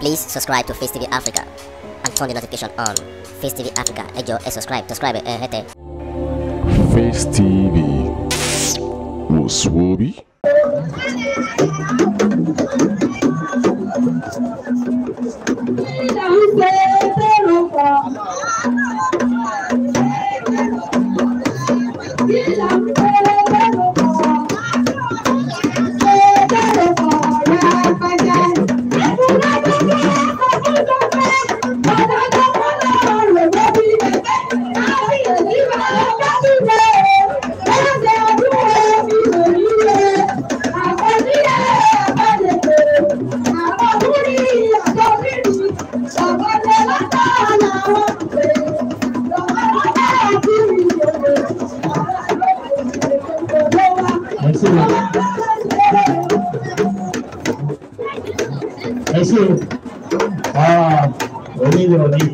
Please subscribe to Face TV Africa and turn the notification on. Face TV Africa, ẹ jọ̀ọ́ ẹ subscribe, subscribe eh? hẹ́tẹ̀. Face TV wò ṣe ah, òní ni òní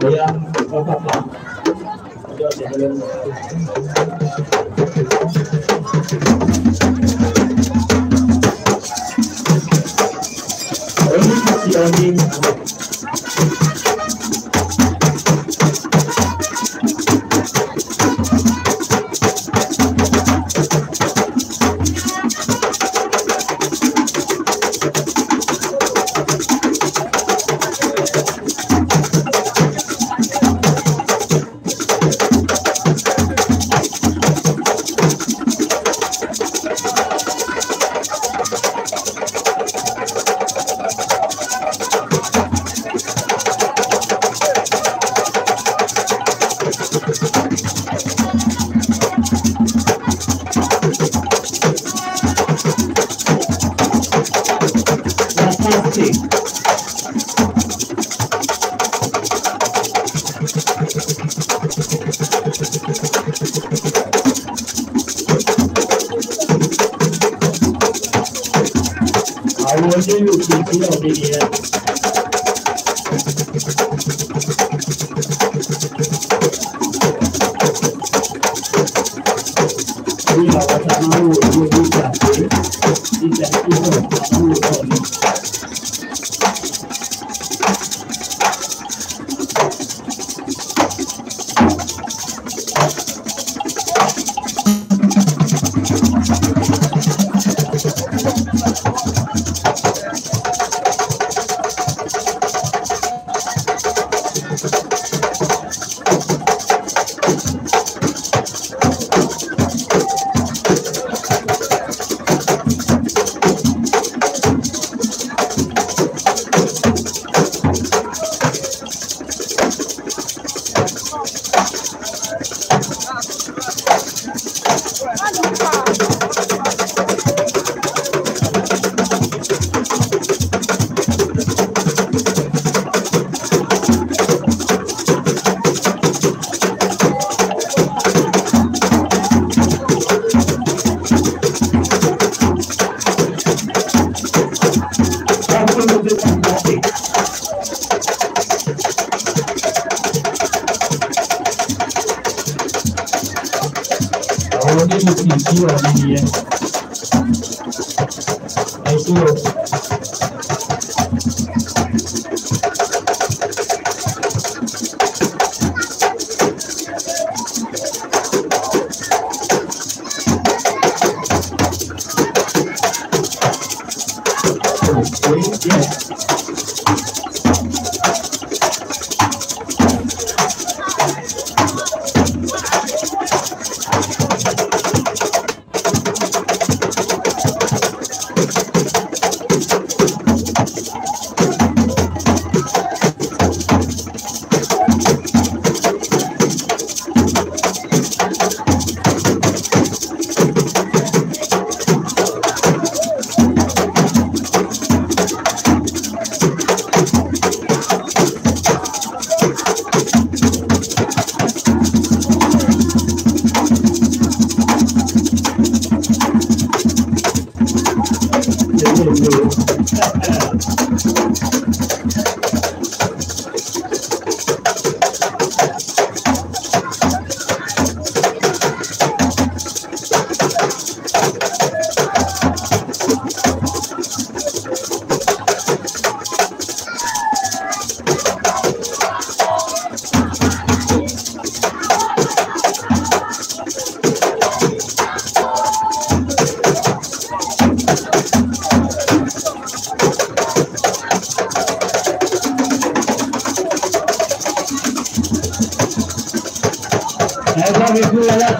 bóyá ọkọ̀ kan ọjọ́ ìṣẹ̀lẹ̀ lẹ́nu. òní ti òní. àwọn ilé yóò tó ìpínlẹ̀ ọ̀dẹ yẹn. bí àwọn tá a máa ń wò ní ojú ìjà pé ìjà ìjọba àwọn ò tọ̀ ní. àdúrà mi nìyẹn ẹ kúrò. Thank you.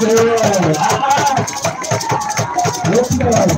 Valeu! Abraço!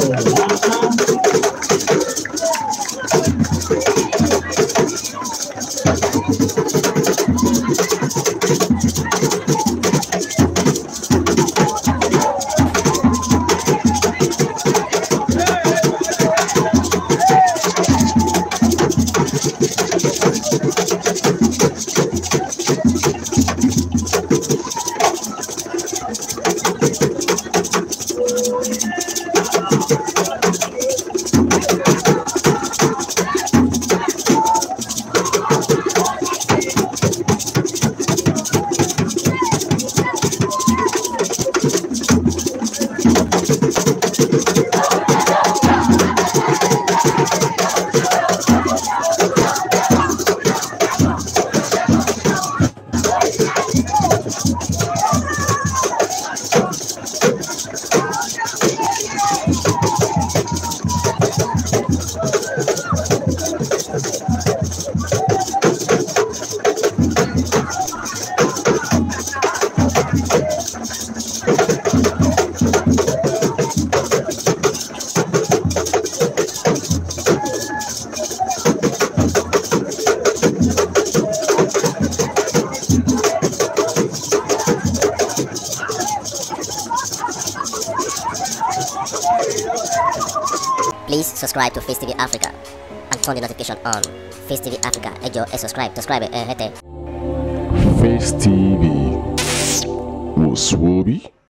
Please subscribe to Face TV Africa and turn the notification on. Face TV Africa, ẹ jọ̀ọ́, ẹ subscribe, subscribe, eh, hete. Face TV, was Swoby.